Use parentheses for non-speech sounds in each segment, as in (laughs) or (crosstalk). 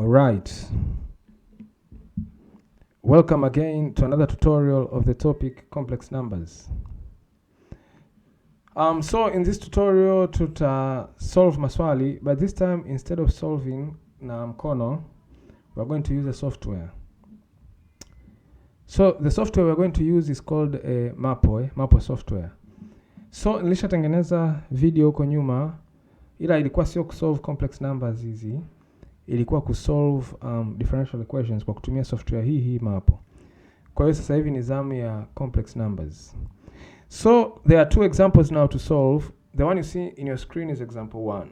All right. Welcome again to another tutorial of the topic complex numbers. Um, so in this tutorial tuta solve maswali but this time instead of solving na mkono we're going to use a software. So the software we're going to use is called a eh, Mapo, eh? Mapo software. So nilishatengeneza video huko nyuma ila ilikuwa sio solve complex numbers hizi ilikuwa kusolve um, differential equations kwa kutumia software hii hii mapo. Kwa hiyo sasa hivi ni zamu ya complex numbers. So there are two examples now to solve. The one you see in your screen is example 1.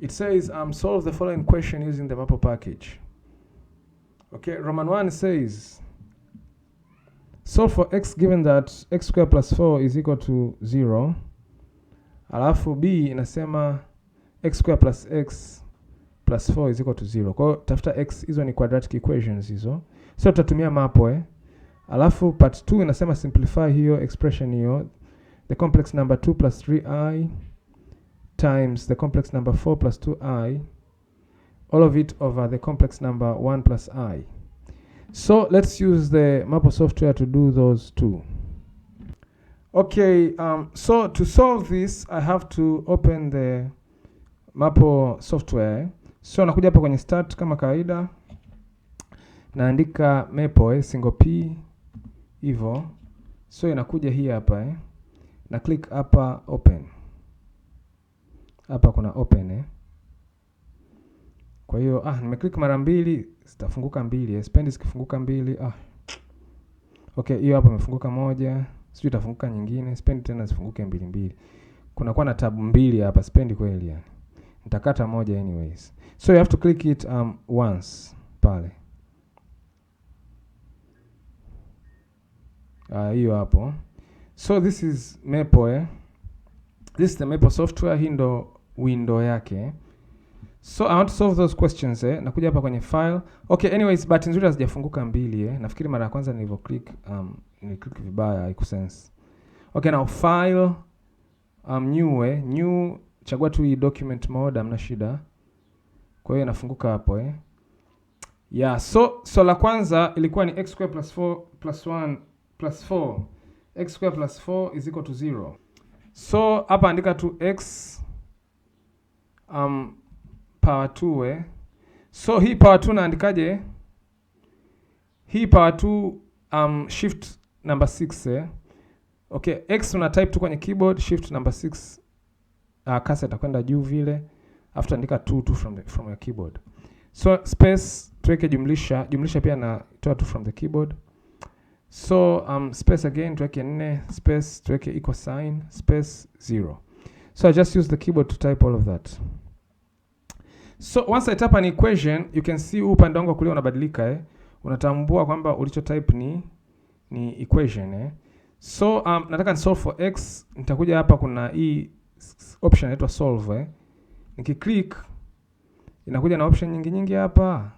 It says um, solve the following question using the MAPO package. Okay, Roman 1 says solve for x given that x square plus 4 is equal to 0. Alafu b inasema x square plus x plus 4 is equal to 0. Kwa hiyo tafuta x, hizo ni quadratic equations hizo. sio tutatumia mapo eh. Alafu part 2 inasema simplify hiyo expression hiyo. The complex number 2 plus 3i times the complex number 4 plus 2i all of it over the complex number 1 plus i. So let's use the Mapo software to do those two. Okay, um, so to solve this, I have to open the Mapo software. So nakuja hapa kwenye start kama kawaida, naandika maple eh, single p hivyo, so inakuja hii hapa eh, na click hapa open. Hapa kuna open eh. Kwa hiyo ah, nimeclick mara mbili zitafunguka mbili eh. Spendi zikifunguka mbili ah. Okay, hiyo hapa imefunguka moja, sijui itafunguka nyingine. Spendi tena zifunguke mbili mbili, kunakuwa na tabu mbili hapa, spendi kweli yani nitakata moja anyways, so you have to click it um, once pale ah, hiyo uh, hapo. So this is Maple eh? This is the Maple software. Hii ndo window yake. So I want to solve those questions eh? Nakuja hapa kwenye file. Okay, anyways, but nzuri hazijafunguka mbili eh? Nafikiri mara ya kwanza nilivyo click um, click vibaya, haiku sense. Okay, now file um, new eh? new chagua tu hii document mode, amna shida. Kwa hiyo inafunguka hapo eh. Yeah, so so la kwanza ilikuwa ni x square plus 4 plus 1 plus 4 x square plus 4 is equal to 0. So hapa andika tu x um, power 2 eh. So hii power 2 naandikaje? Hii power 2 um, shift number 6 eh. Okay, x una type tu kwenye keyboard shift number 6 uh, kasi atakwenda juu vile, afu taandika 2 2 from the from your keyboard. So space tuweke jumlisha, jumlisha pia na toa 2 from the keyboard. So um, space again tuweke 4, space tuweke equal sign, space 0. So I just use the keyboard to type all of that. So once I type an equation, you can see upande wangu kulia unabadilika eh. Unatambua kwamba ulicho type ni ni equation eh. So um, nataka ni solve for x, nitakuja hapa kuna hii option inaitwa solve eh. Nikiclick inakuja na option nyingi nyingi hapa.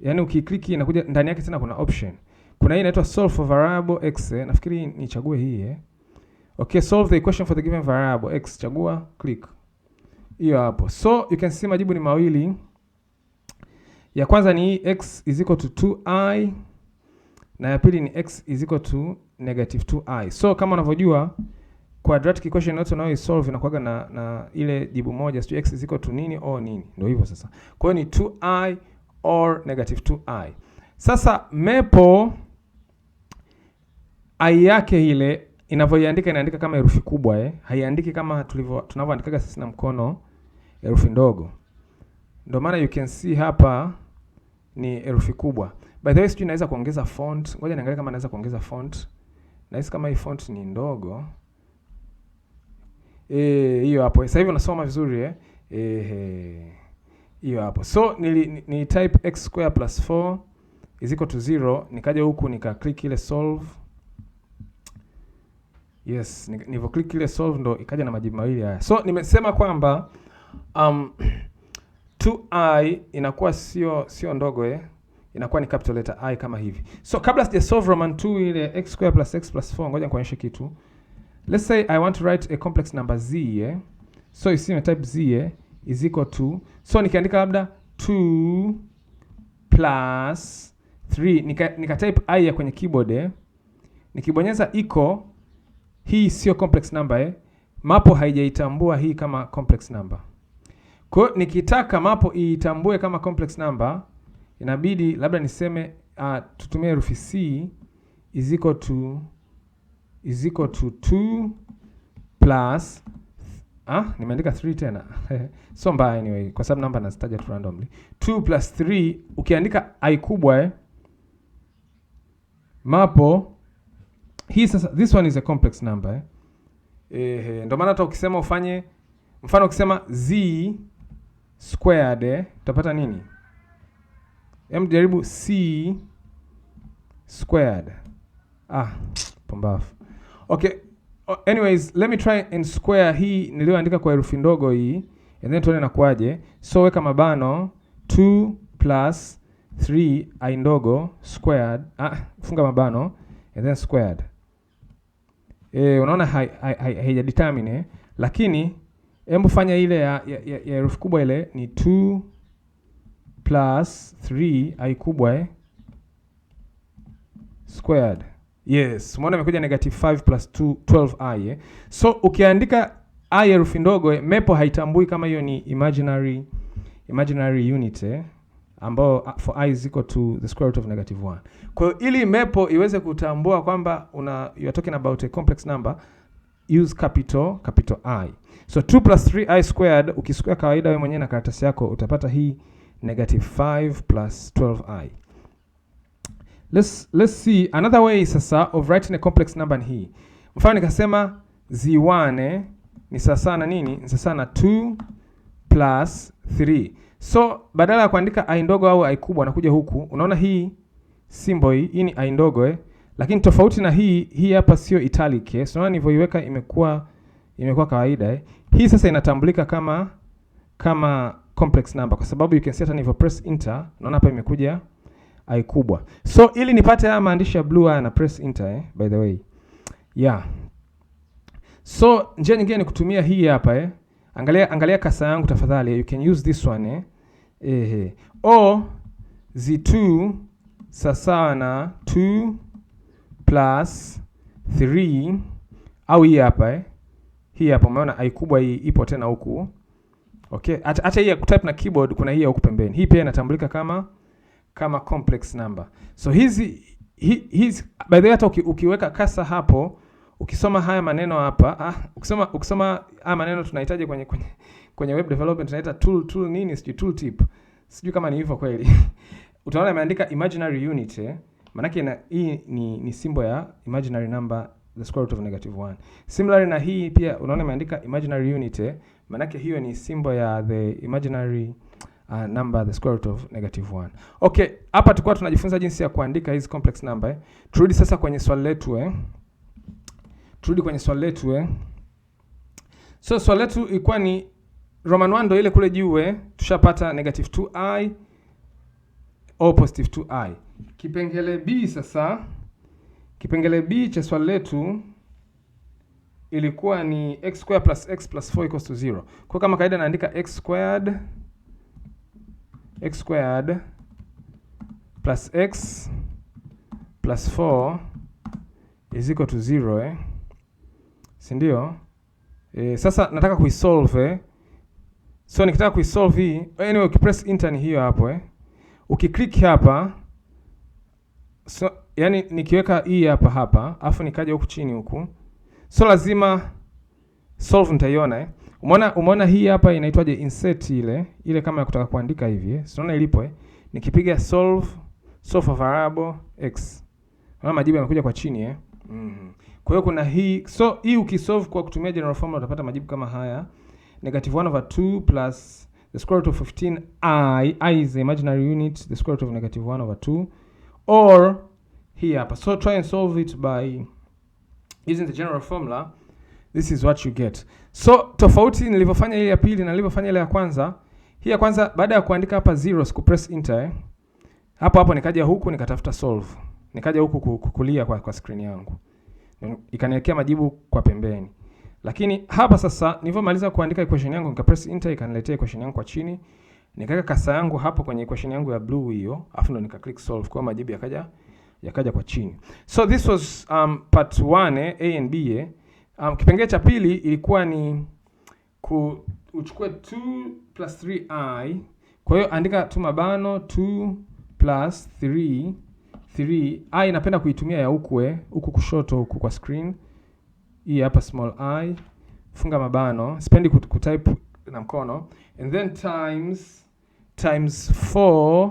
Yaani ukiklik inakuja ndani yake tena kuna option. Kuna hii inaitwa solve for variable x eh. Nafikiri nichague hii eh. Okay, solve the equation for the given variable x. Chagua click. Hiyo hapo. So you can see majibu ni mawili. Ya kwanza ni x is equal to 2i na ya pili ni x is equal to negative 2i. So kama unavyojua quadratic equation yote unayoisolve inakuwa na, na ile jibu moja sio x is equal to nini o nini, ndio hivyo sasa. Kwa hiyo ni 2i or negative 2i. Sasa mepo i yake ile inavyoiandika inaandika kama herufi kubwa eh, haiandiki kama tulivyo tunavyoandikaga sisi na mkono herufi ndogo. Ndio maana you can see hapa ni herufi kubwa. By the way, sijui naweza kuongeza font. Ngoja niangalie kama naweza kuongeza font. Nahisi kama hii font ni ndogo. Eh, hiyo e, hapo sasa hivi unasoma vizuri eh hiyo hapo so nili, ni ni type x square plus 4 is equal to 0 nikaja huku nika click ile solve yes nilivyo click ile solve ndo ikaja na majibu mawili haya so nimesema kwamba um, 2i (clears throat) inakuwa sio sio ndogo eh inakuwa ni capital letter i kama hivi so kabla sija solve roman 2 ile x square plus x plus 4 ngoja nikuonyeshe kitu Let's say I want to write a complex number z yeah? So you see my type z yeah? is equal to so nikiandika labda 2 plus 3 nika, nika type i ya kwenye keyboard eh? Nikibonyeza iko hii sio complex number eh? Mapo haijaitambua hii kama complex number. Kwa nikitaka mapo iitambue kama complex number inabidi labda niseme uh, tutumie herufi c is equal to is equal to 2 plus Ah, nimeandika 3 tena. so (laughs) mbaya anyway kwa sababu namba nazitaja tu randomly. 2 plus 3 ukiandika i kubwa eh, mapo hii sasa, this one is a complex number eh. Eh, ndio maana hata ukisema ufanye mfano ukisema z squared eh, utapata nini? Hem, jaribu c squared. Ah, pombafu Okay. Anyways, let me try and square hii niliyoandika kwa herufi ndogo hii and then tuone nakuaje. So weka mabano 2 plus 3 i ndogo squared. Ah, funga mabano and then squared. Eh, unaona haija determine lakini hebu fanya ile ya ya herufi kubwa ile ni 2 plus 3 i kubwa eh, squared. Yes, umeona imekuja negative 5 plus 2 12i eh. So ukiandika i herufi ndogo eh, mepo haitambui kama hiyo ni imaginary imaginary unit eh, ambao ah, for i is equal to the square root of negative 1. Kwa hiyo ili mepo iweze kutambua kwamba una you are talking about a complex number use capital capital I. So 2 plus 3i squared ukisquare kawaida wewe mwenyewe na karatasi yako utapata hii negative 5 plus 12i. Let's, let's see another way sasa of writing a complex number ni hii. Mfano nikasema z1 ni sasa na nini? Ni sasa na 2 plus 3. So badala ya kuandika i ndogo au i kubwa nakuja huku. Unaona hii symbol hii, hii ni i ndogo eh. Lakini tofauti na hii, hii hapa sio italic eh. So unaona nilivyoiweka imekuwa imekuwa kawaida eh. Hii sasa inatambulika kama kama complex number kwa sababu you can see hata nilivyo press enter, unaona hapa imekuja i kubwa. So ili nipate haya maandishi ya blue haya na press enter eh, by the way. Yeah. So njia nyingine ni kutumia hii hapa eh. Angalia angalia kasa yangu tafadhali. You can use this one eh. Eh. O z2 sawa na 2 plus 3 au hii hapa eh. Hii hapa umeona ai kubwa hii ipo tena huku. Okay, hata hii ya kutype na keyboard kuna hii ya huku pembeni. Hii pia inatambulika kama kama complex number. So hizi hizi by the way hata uki, ukiweka kasa hapo ukisoma haya maneno hapa ah, ukisoma ukisoma haya maneno tunahitaji kwenye, kwenye kwenye web development tunaita tool tool nini sijui tool tip sijui kama ni hivyo kweli (laughs) utaona imeandika imaginary unit eh? Maanake na hii ni, ni symbol ya imaginary number the square root of negative 1. Similarly na hii pia unaona imeandika imaginary unit eh? Maanake hiyo ni symbol ya the imaginary uh, number the square root of negative 1. Okay, hapa tulikuwa tunajifunza jinsi ya kuandika hizi complex number. Eh. Turudi sasa kwenye swali letu eh. Turudi kwenye swali letu eh. So swali letu ilikuwa ni Roman 1 ndio ile kule juu eh. Tushapata negative 2i au positive 2i. Kipengele B sasa kipengele B cha swali letu ilikuwa ni x square plus x plus 4 equals to 0. Kwa kama kawaida naandika x squared x squared plus x plus 4 is equal to 0 eh? si ndio? e, sasa nataka kuisolve eh? So nikitaka kuisolve hii, anyway ukipress enter ni hiyo hapo eh. Ukiklik hapa so, yani nikiweka hii e hapa hapa, afu nikaja huku chini huku, so lazima solve nitaiona eh. Umeona, umeona hii hapa inaitwaje? Insert ile ile kama ya kutaka kuandika hivi eh, unaona ilipo eh, nikipiga solve solve variable x, unaona majibu yamekuja kwa chini eh. Mm -hmm. Kwa hiyo kuna hii so hii ukisolve kwa kutumia general formula utapata majibu kama haya negative 1 over 2 plus the square root of 15 i i is the imaginary unit the square root of negative 1 over 2 or hii hapa so try and solve it by using the general formula This is what you get. So tofauti nilivyofanya ile ya pili na nilivyofanya ile ya kwanza, hii ya kwanza baada ya kuandika hapa zero press enter eh. Hapo hapo nikaja huku nikatafuta solve. Nikaja huku kukulia kwa, kwa screen yangu. Ikanielekea majibu kwa pembeni. Lakini hapa sasa nilivyomaliza kuandika equation yangu nika press enter ikaniletea equation yangu kwa chini. Nikaweka kasa yangu hapo kwenye equation yangu ya blue hiyo, afu ndo nika click solve kwa majibu yakaja yakaja kwa chini. So this was um, part 1 eh, A and B. eh. Um, kipengele cha pili ilikuwa ni ku, uchukue 2 plus 3i, kwa hiyo andika tu mabano 2 plus 3 3 i, napenda kuitumia ya huku eh, huku kushoto huku kwa screen hii hapa, small i funga mabano, sipendi kutype na mkono, and then times times 4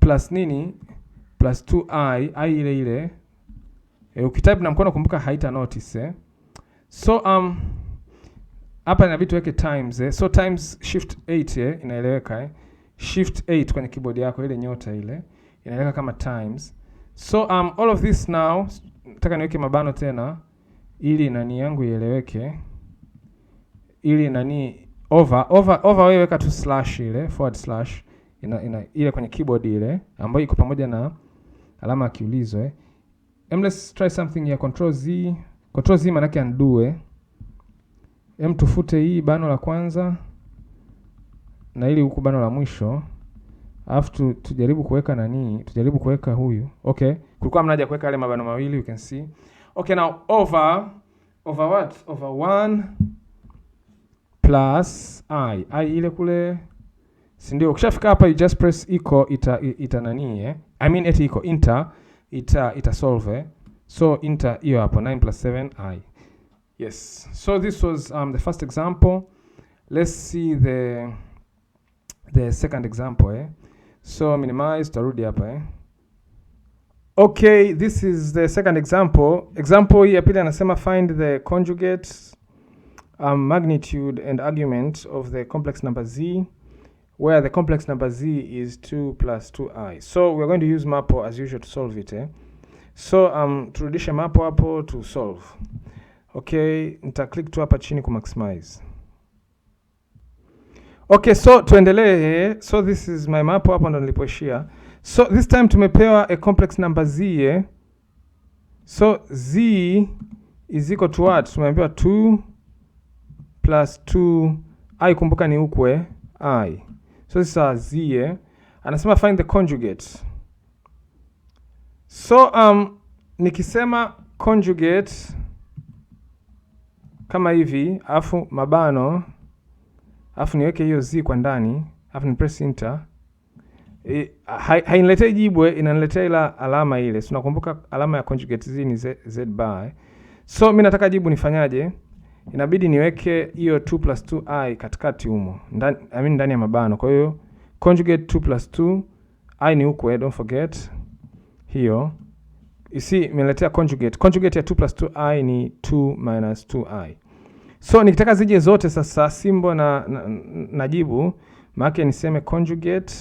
plus nini plus 2i i ile ile. E, ukitype na mkono kumbuka haita notice eh. So um hapa inabidi tuweke times eh. So times shift 8 eh, inaeleweka eh. Shift 8 kwenye keyboard yako ile nyota ile inaeleweka kama times. So um all of this now nataka niweke mabano tena ili nani yangu ieleweke. Ili nani over over over wewe weka tu slash ile forward slash ina, ina ile kwenye keyboard ile ambayo iko pamoja na alama ya kiulizo eh. Let's try something ya control Z Control Z maanake undo. Hem, tufute hii bano la kwanza na ili huku bano la mwisho, alafu tu, tujaribu kuweka nani, tujaribu kuweka huyu. Okay, kulikuwa mnaja kuweka yale mabano mawili, you can see. Okay, now over over what? Over 1 plus i i ile kule, si ndio? Ukishafika hapa you just press equal, ita ita nani eh, I mean eti equal enter, ita ita solve eh So inter hiyo hapo 9 plus 7 i. Yes. So this was um, the first example. Let's see the the second example eh. So minimize tarudi hapa eh. Okay, this is the second example. Example hii ya pili anasema find the conjugate um, magnitude and argument of the complex number z where the complex number z is 2 plus 2i. So we're going to use MAPO as usual to solve it eh. So um, turudishe mapo hapo tu solve. Okay, nita click tu hapa chini ku maximize. Okay, so tuendelee. So this is my map hapo ndo nilipoishia. So this time tumepewa a complex number z So z is equal to what? Tumeambiwa 2 plus 2 i, kumbuka ni ukwe eh? i. So this is z Anasema find the conjugate So um, nikisema conjugate kama hivi afu mabano afu niweke hiyo z kwa ndani afu ni press enter e, hainiletei jibu, inaniletea ila alama ile. Si nakumbuka alama ya conjugate z ni z, z bar. Eh? So mimi nataka jibu nifanyaje? Inabidi niweke hiyo 2 plus 2 i katikati humo ndani, I mean ndani ya mabano. Kwa hiyo conjugate 2 plus 2 i ni huko, eh? don't forget hiyo isi imeletea conjugate. Conjugate ya 2 plus 2i ni 2 minus 2i. So nikitaka zije zote sasa simbo na, na, na jibu niseme conjugate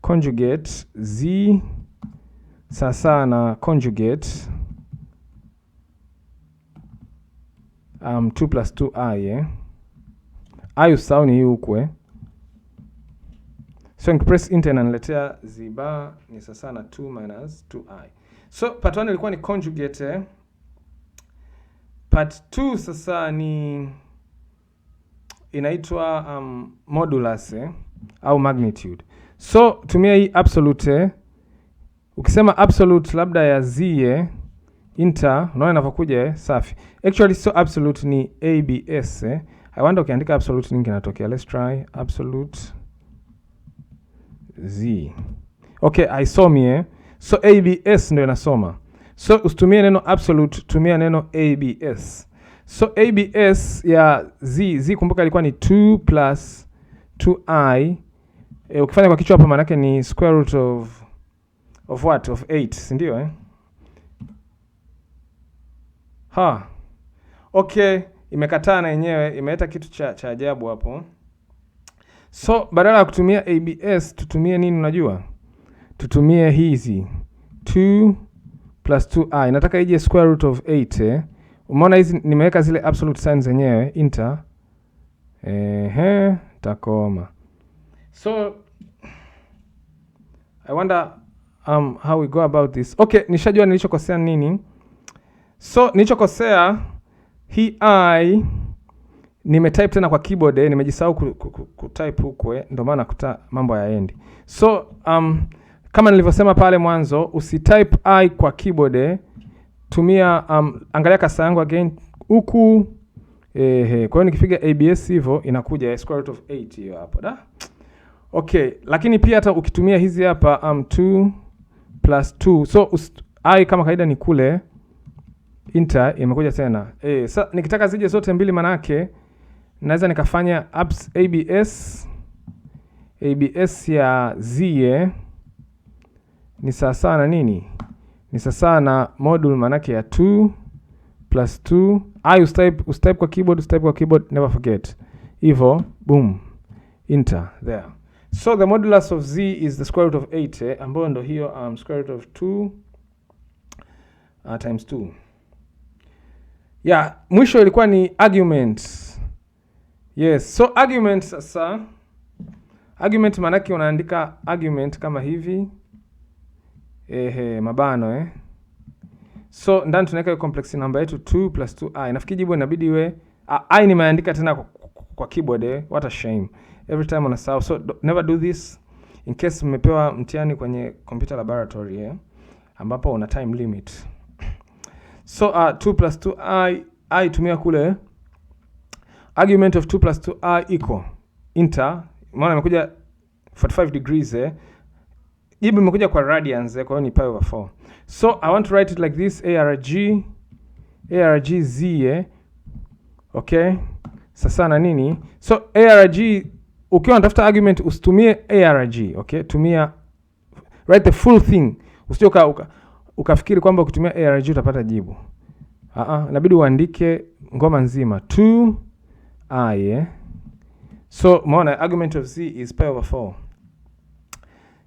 conjugate z sasa na conjugate um, 2 plus 2i eh? i usahau ni hii ukwe Frank press intern ananiletea ziba ni sasa na 2 minus 2i. So part 1 ilikuwa ni conjugate. Eh? Part 2 sasa ni inaitwa um, modulus eh, au magnitude. So tumia hii absolute. Eh? Ukisema absolute labda ya z eh, inter unaona inavyokuja eh, safi. Actually so absolute ni abs eh. I wonder ukiandika absolute nini kinatokea. Let's try absolute z. Okay, me eh? So abs ndio inasoma. So usitumie neno absolute, tumia neno abs. So abs ya z, z kumbuka ilikuwa ni 2 plus 2i. E, ukifanya kwa kichwa hapa yake ni square root of of what of 8, si ndio eh? Ha. Okay, imekataa na yenyewe, imeleta kitu cha cha ajabu hapo. So badala ya kutumia abs tutumie nini? Unajua, tutumie hizi 2 plus 2i, nataka ije square root of 8 eh. Umeona hizi nimeweka zile absolute signs zenyewe inter, ehe, takoma. So I wonder um, how we go about this. Okay, nishajua nilichokosea nini. So nilichokosea hii i nimetype tena kwa keyboard eh, nimejisahau ku, ku, ku, ku type huko eh, ndio maana kuta mambo hayaendi. So um, kama nilivyosema pale mwanzo usitype i kwa keyboard eh, tumia um, angalia kasa yangu again huku eh, eh. Kwa hiyo nikipiga abs hivyo inakuja eh, square root of 8 hiyo hapo da. Okay, lakini pia hata ukitumia hizi hapa um, 2 plus 2 so i kama kawaida ni kule Inter imekuja tena eh, sa nikitaka zije zote mbili manake naweza nikafanya apps abs abs ya ZA ni sawasawa na nini? Ni sawasawa na module maanake ya 2 plus 2. I ah, ustype, ustype kwa keyboard, ustype kwa keyboard, never forget hivyo, boom, enter there. So the modulus of z is the square root of 8 eh, ambayo ndo hiyo um, square root of 2 uh, times 2 ya yeah, mwisho ilikuwa ni argument Yes, so argument sasa. Argument maanake unaandika argument kama hivi. Ehe, mabano eh. So ndani tunaweka complex namba yetu 2 plus 2i. Nafikiri jibu inabidi iwe i nimeandika tena kwa, keyboard eh. What a shame. Every time unasahau. So do, never do this in case mmepewa mtihani kwenye computer laboratory eh, ambapo una time limit. So uh, 2 plus 2i i tumia kule eh argument of 2 plus 2r equal inter, maana imekuja 45 degrees eh. Jibu imekuja kwa radians eh, kwa hiyo ni pi over 4. So I want to write it like this arg arg z eh. Okay? Sasa na nini? So arg ukiwa unatafuta argument usitumie arg, okay? Tumia write the full thing. Usije uka, ukafikiri kwamba ukitumia arg utapata jibu. Ah ah, inabidi uandike ngoma nzima i yeah. So maona argument of c is pi over 4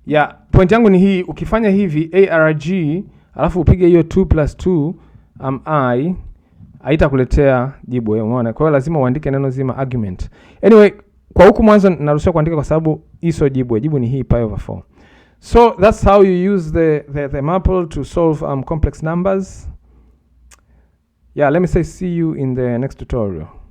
yeah. Point yangu ni hii, ukifanya hivi arg alafu upige hiyo 2 plus 2 um, i haitakuletea jibu wewe, umeona. Kwa hiyo lazima uandike neno zima argument. Anyway, kwa huku mwanzo naruhusiwa kuandika kwa sababu iso jibu, jibu ni hii pi over 4. So that's how you use the the, the maple to solve um, complex numbers. Yeah, let me say see you in the next tutorial.